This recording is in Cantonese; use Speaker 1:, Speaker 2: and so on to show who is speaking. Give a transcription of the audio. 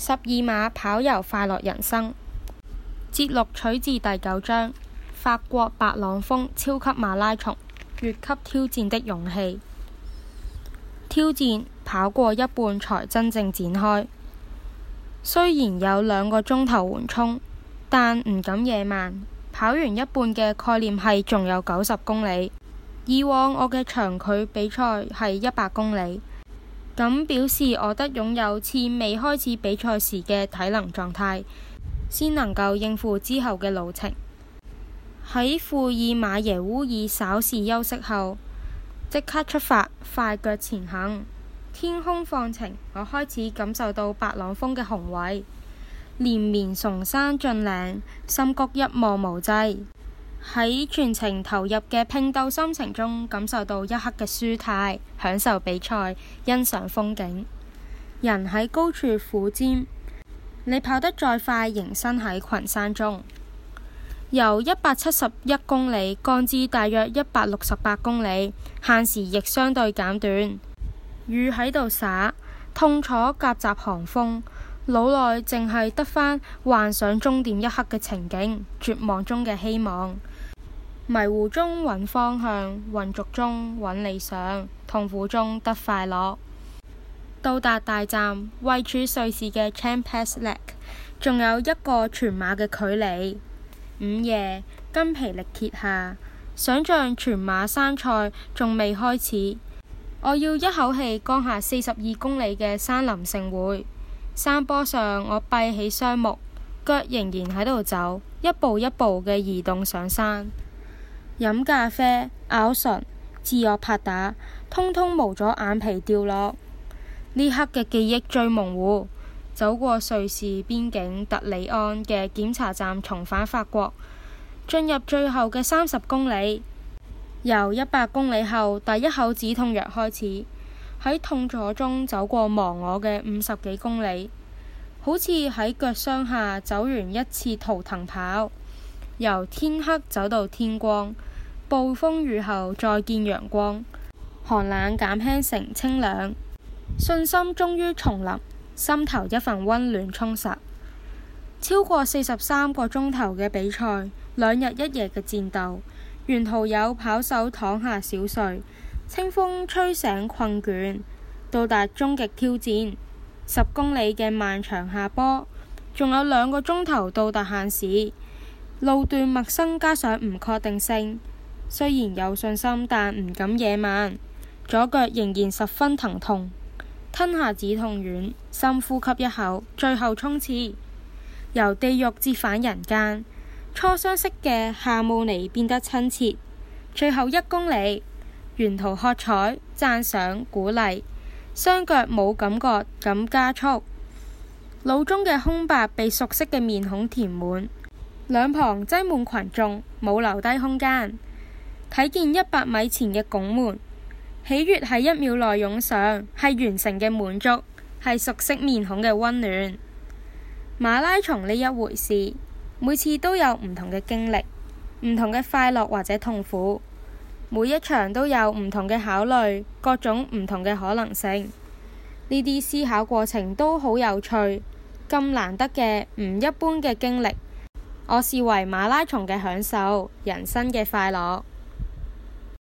Speaker 1: 十二馬跑遊快樂人生，節錄取自第九章。法國白朗峰超級馬拉松，越級挑戰的勇氣。挑戰跑過一半才真正展開。雖然有兩個鐘頭緩衝，但唔敢野慢。跑完一半嘅概念係仲有九十公里。以往我嘅長距比賽係一百公里。咁表示我得擁有次未開始比賽時嘅體能狀態，先能夠應付之後嘅路程。喺庫爾馬耶烏爾稍事休息後，即刻出發，快腳前行。天空放晴，我開始感受到白朗峰嘅雄偉，連綿崇山峻嶺，深谷一望無際。喺全程投入嘅拼鬥心情中，感受到一刻嘅舒泰，享受比賽，欣賞風景。人喺高處苦尖，你跑得再快，仍身喺群山中。由一百七十一公里降至大約一百六十八公里，限時亦相對減短。雨喺度灑，痛楚夾雜寒風。腦內淨係得返幻想終點一刻嘅情景，絕望中嘅希望，迷糊中揾方向，混濁中揾理想，痛苦中得快樂。到達大站，位處瑞士嘅 Champex-Lac，仲有一個全馬嘅距離。午夜，筋疲力竭下，想像全馬山賽仲未開始，我要一口氣降下四十二公里嘅山林盛會。山坡上，我閉起雙目，腳仍然喺度走，一步一步嘅移動上山。飲咖啡，咬唇，自我拍打，通通無咗眼皮掉落。呢刻嘅記憶最模糊。走過瑞士邊境特里安嘅檢查站，重返法國，進入最後嘅三十公里，由一百公里後第一口止痛藥開始。喺痛楚中走過忘我嘅五十幾公里，好似喺腳傷下走完一次圖騰跑，由天黑走到天光，暴風雨後再見陽光，寒冷減輕成清涼，信心終於重臨，心頭一份溫暖充實。超過四十三個鐘頭嘅比賽，兩日一夜嘅戰鬥，沿途有跑手躺下小睡。清風吹醒困倦，到達終極挑戰，十公里嘅漫長下坡，仲有兩個鐘頭到達限時。路段陌生加上唔確定性，雖然有信心，但唔敢野慢。左腳仍然十分疼痛，吞下止痛丸，深呼吸一口，最後衝刺，由地獄折返人間。初相識嘅夏慕尼變得親切，最後一公里。沿途喝彩、讚賞、鼓勵，雙腳冇感覺，噉加速，腦中嘅空白被熟悉嘅面孔填滿，兩旁擠滿群眾，冇留低空間。睇見一百米前嘅拱門，喜悅喺一秒內湧上，係完成嘅滿足，係熟悉面孔嘅溫暖。馬拉松呢一回事，每次都有唔同嘅經歷，唔同嘅快樂或者痛苦。每一場都有唔同嘅考慮，各種唔同嘅可能性，呢啲思考過程都好有趣，咁難得嘅唔一般嘅經歷，我視為馬拉松嘅享受，人生嘅快樂。